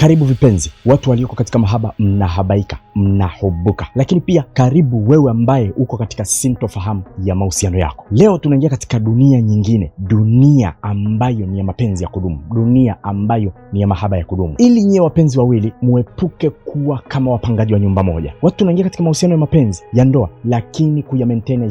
Karibu vipenzi, watu walioko katika mahaba mnahabaika, mnahubuka, lakini pia karibu wewe ambaye uko katika sintofahamu ya mahusiano yako. Leo tunaingia katika dunia nyingine, dunia ambayo ni ya mapenzi ya kudumu, dunia ambayo ni ya mahaba ya kudumu. Ili nyiwe wapenzi wawili muepuke kuwa kama wapangaji wa nyumba moja. Watu tunaingia katika mahusiano ya mapenzi ya ndoa, lakini kuya maintain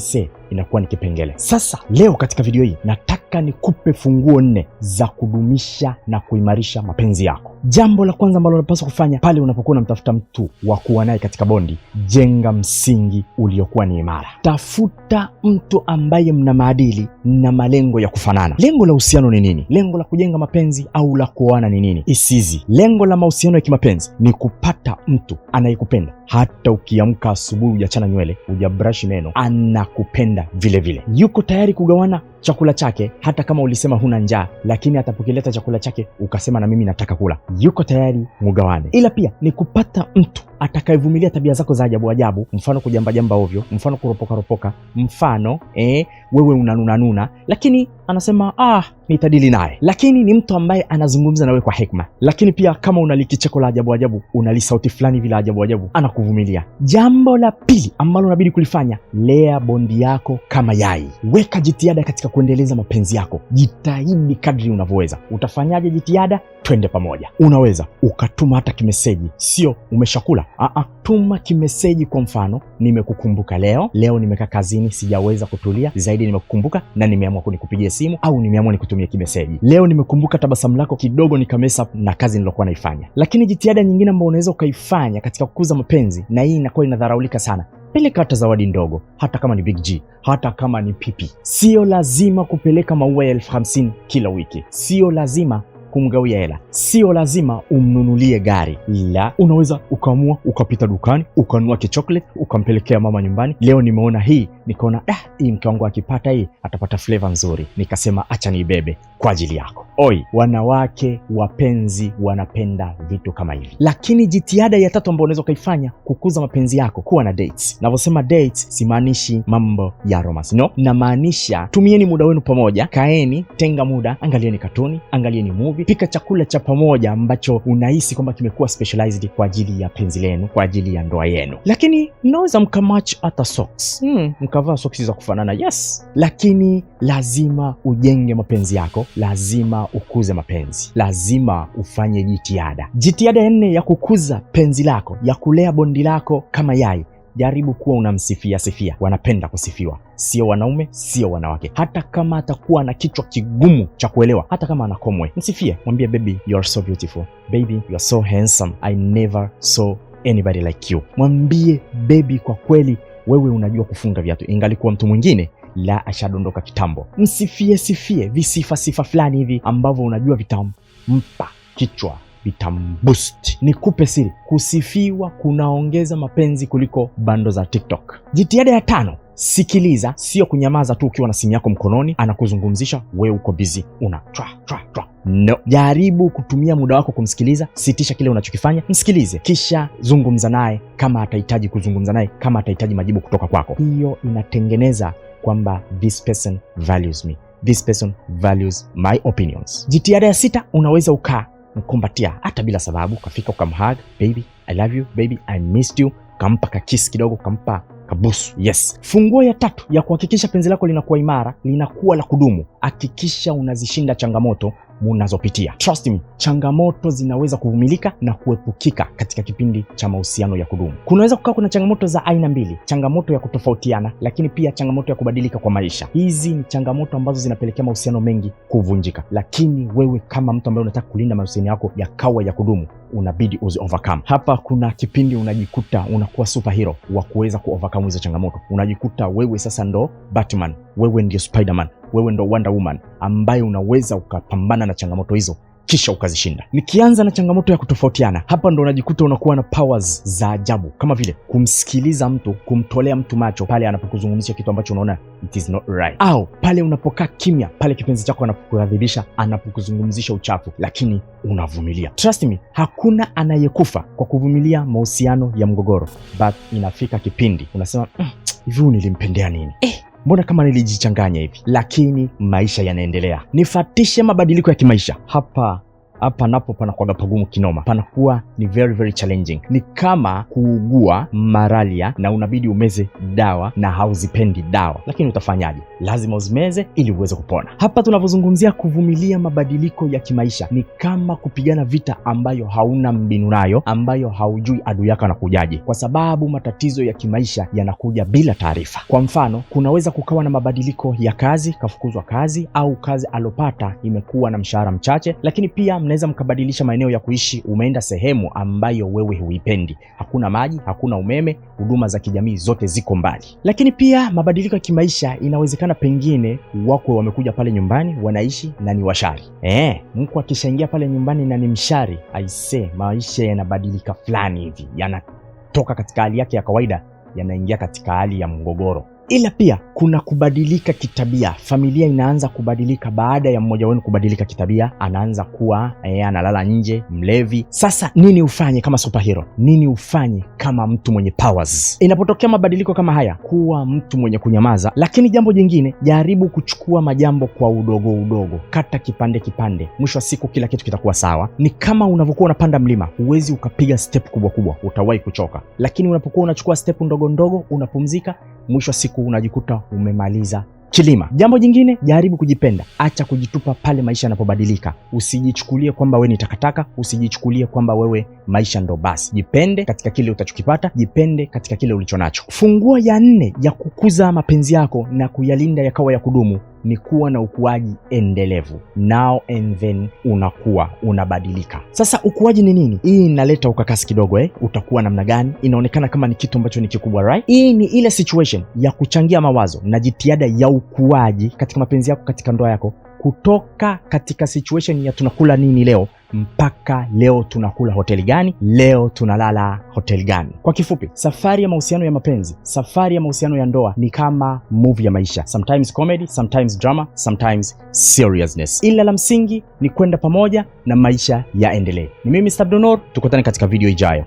inakuwa ni kipengele. Sasa leo katika video hii nataka nikupe funguo nne za kudumisha na kuimarisha mapenzi yako. Jambo la kwanza ambalo unapaswa kufanya pale unapokuwa unamtafuta mtu wa kuwa naye katika bondi, jenga msingi uliokuwa ni imara. Tafuta mtu ambaye mna maadili na malengo ya kufanana. Lengo la uhusiano ni nini? Lengo la kujenga mapenzi au la kuoana ni nini? Isizi, lengo la mahusiano ya kimapenzi ni kupata mtu anayekupenda hata ukiamka asubuhi hujachana nywele, hujabrashi meno, anakupenda msaada vilevile vile. Yuko tayari kugawana chakula chake hata kama ulisema huna njaa, lakini atapokileta chakula chake ukasema na mimi nataka kula, yuko tayari mugawane. Ila pia ni kupata mtu atakayevumilia tabia zako za ajabu ajabu, mfano kujamba jamba ovyo, mfano kuropoka ropoka, mfano eh, wewe unanunanuna, lakini anasema ah nitadili naye, lakini ni mtu ambaye anazungumza nawe kwa hekima. Lakini pia kama una likicheko la ajabu ajabu, unali sauti fulani vile ajabu ajabu, anakuvumilia. Jambo la pili ambalo unabidi kulifanya, lea bondi yako kama yai. Weka jitihada katika kuendeleza mapenzi yako, jitahidi kadri unavyoweza. Utafanyaje jitihada? Twende pamoja. Unaweza ukatuma hata kimeseji, sio umeshakula. Aa, tuma kimeseji. Kwa mfano, nimekukumbuka leo. Leo nimekaa kazini, sijaweza kutulia zaidi, nimekukumbuka na nimeamua kunikupigia simu au nimeamua nikutumia nitumie kimeseji. Leo nimekumbuka tabasamu lako kidogo, nikamesa na kazi nilokuwa naifanya. Lakini jitihada nyingine ambayo unaweza ukaifanya katika kukuza mapenzi, na hii inakuwa inadharaulika sana Peleka hata zawadi ndogo, hata kama ni Big G, hata kama ni pipi. Sio lazima kupeleka maua ya elfu hamsini kila wiki, sio lazima kumgawia hela. Sio lazima umnunulie gari, la unaweza ukaamua ukapita dukani ukanunua kichokolate ukampelekea mama nyumbani. Leo nimeona hii nikaona ah, hii mke wangu akipata hii atapata fleva nzuri, nikasema acha niibebe kwa ajili yako. Oi, wanawake wapenzi wanapenda vitu kama hivi. Lakini jitihada ya tatu ambayo unaweza ukaifanya kukuza mapenzi yako, kuwa na dates. Navyosema dates, simaanishi mambo ya romance, no, namaanisha tumieni muda wenu pamoja, kaeni, tenga muda, angalieni katuni, angalieni movie, pika chakula cha pamoja ambacho unahisi kwamba kimekuwa specialized kwa ajili ya penzi lenu, kwa ajili ya ndoa yenu. Lakini mnaweza mkamatch hata socks, hmm, mkavaa socks za kufanana, yes, lakini lazima ujenge mapenzi yako, lazima ukuze mapenzi, lazima ufanye jitihada. Jitihada ya nne ya kukuza penzi lako, ya kulea bondi lako kama yai Jaribu kuwa unamsifia sifia. Wanapenda kusifiwa, sio wanaume, sio wanawake. Hata kama atakuwa na kichwa kigumu cha kuelewa, hata kama anakomwe, msifie, mwambie baby you are so beautiful, baby you are so handsome, I never saw anybody like you. Mwambie baby, kwa kweli wewe unajua kufunga viatu, ingalikuwa mtu mwingine la ashadondoka kitambo. Msifie sifie visifa sifa fulani hivi ambavyo unajua vitampa kichwa vitamboost. Nikupe siri, kusifiwa kunaongeza mapenzi kuliko bando za TikTok. Jitihada ya tano, sikiliza, sio kunyamaza tu ukiwa na simu yako mkononi, anakuzungumzisha wewe uko bizi, una twa twa twa No, jaribu kutumia muda wako kumsikiliza. Sitisha kile unachokifanya, msikilize, kisha zungumza naye kama atahitaji kuzungumza naye, kama atahitaji majibu kutoka kwako. Hiyo inatengeneza kwamba this person values me, this person values my opinions. Jitihada ya sita, unaweza ukaa mkumbatia hata bila sababu, ukafika ukamhug, baby I love you, baby I missed you, kampa kakisi kidogo, kampa kabusu yes. Funguo ya tatu ya kuhakikisha penzi lako linakuwa imara, linakuwa la kudumu, hakikisha unazishinda changamoto munazopitia. Trust me, changamoto zinaweza kuvumilika na kuepukika katika kipindi cha mahusiano ya kudumu. Kunaweza kukaa kuna changamoto za aina mbili, changamoto ya kutofautiana, lakini pia changamoto ya kubadilika kwa maisha. Hizi ni changamoto ambazo zinapelekea mahusiano mengi kuvunjika, lakini wewe kama mtu ambaye unataka kulinda mahusiano yako yakawa ya kudumu, unabidi uzi overcome. Hapa kuna kipindi unajikuta unakuwa superhero wa kuweza ku overcome hizo changamoto, unajikuta wewe sasa ndo Batman, wewe ndio Spiderman wewe ndo Wonder Woman ambaye unaweza ukapambana na changamoto hizo kisha ukazishinda. Nikianza na changamoto ya kutofautiana, hapa ndo unajikuta unakuwa na powers za ajabu, kama vile kumsikiliza mtu, kumtolea mtu macho pale anapokuzungumzia kitu ambacho unaona it is not right, au pale unapokaa kimya pale kipenzi chako anapokukadhibisha, anapokuzungumzisha uchafu, lakini unavumilia. Trust me, hakuna anayekufa kwa kuvumilia mahusiano ya mgogoro, but inafika kipindi unasema mm, hivi, mm, nilimpendea nini eh? mbona kama nilijichanganya hivi? Lakini maisha yanaendelea, nifatishe mabadiliko ya kimaisha hapa hapa napo panakuwaga pagumu kinoma, panakuwa ni very very challenging. Ni kama kuugua malaria na unabidi umeze dawa na hauzipendi dawa, lakini utafanyaje? Lazima uzimeze ili uweze kupona. Hapa tunavyozungumzia kuvumilia mabadiliko ya kimaisha, ni kama kupigana vita ambayo hauna mbinu nayo, ambayo haujui adui yako anakujaje, kwa sababu matatizo ya kimaisha yanakuja bila taarifa. Kwa mfano, kunaweza kukawa na mabadiliko ya kazi, kafukuzwa kazi, au kazi alopata imekuwa na mshahara mchache, lakini pia mnaweza mkabadilisha maeneo ya kuishi. Umeenda sehemu ambayo wewe huipendi, hakuna maji, hakuna umeme, huduma za kijamii zote ziko mbali. Lakini pia mabadiliko ya kimaisha, inawezekana pengine wakwe wamekuja pale nyumbani wanaishi na ni washari eh, mkwe akishaingia pale nyumbani na ni mshari, aise, maisha yanabadilika fulani hivi, yanatoka katika hali yake ya kawaida, yanaingia katika hali ya mgogoro ila pia kuna kubadilika kitabia. Familia inaanza kubadilika baada ya mmoja wenu kubadilika kitabia, anaanza kuwa e, analala nje, mlevi. Sasa nini ufanye kama superhero? Nini ufanye kama mtu mwenye powers inapotokea mabadiliko kama haya? Kuwa mtu mwenye kunyamaza. Lakini jambo jingine, jaribu kuchukua majambo kwa udogo udogo, kata kipande kipande. Mwisho wa siku kila kitu kitakuwa sawa. Ni kama unavyokuwa unapanda mlima, huwezi ukapiga step kubwa kubwa, utawahi kuchoka. Lakini unapokuwa unachukua step ndogo ndogo, unapumzika mwisho wa siku unajikuta umemaliza kilima. Jambo jingine, jaribu kujipenda, acha kujitupa pale maisha yanapobadilika. Usijichukulie kwamba wewe ni takataka, usijichukulie kwamba wewe maisha ndo basi. Jipende katika kile utachokipata, jipende katika kile ulicho nacho. Funguo ya nne ya kukuza mapenzi yako na kuyalinda yakawa ya kudumu ni kuwa na ukuaji endelevu. Now and then unakuwa unabadilika. Sasa ukuaji ni nini? Hii inaleta ukakasi kidogo eh? Utakuwa namna gani? Inaonekana kama ni kitu ambacho ni kikubwa right? Hii ni ile situation ya kuchangia mawazo na jitihada ya ukuaji katika mapenzi yako, katika ndoa yako kutoka katika situation ya tunakula nini leo mpaka leo tunakula hoteli gani, leo tunalala hoteli gani. Kwa kifupi, safari ya mahusiano ya mapenzi, safari ya mahusiano ya ndoa ni kama movie ya maisha, sometimes comedy, sometimes drama, sometimes seriousness, ila la msingi ni kwenda pamoja na maisha yaendelee. Ni mimi Mr. tukutane katika video ijayo.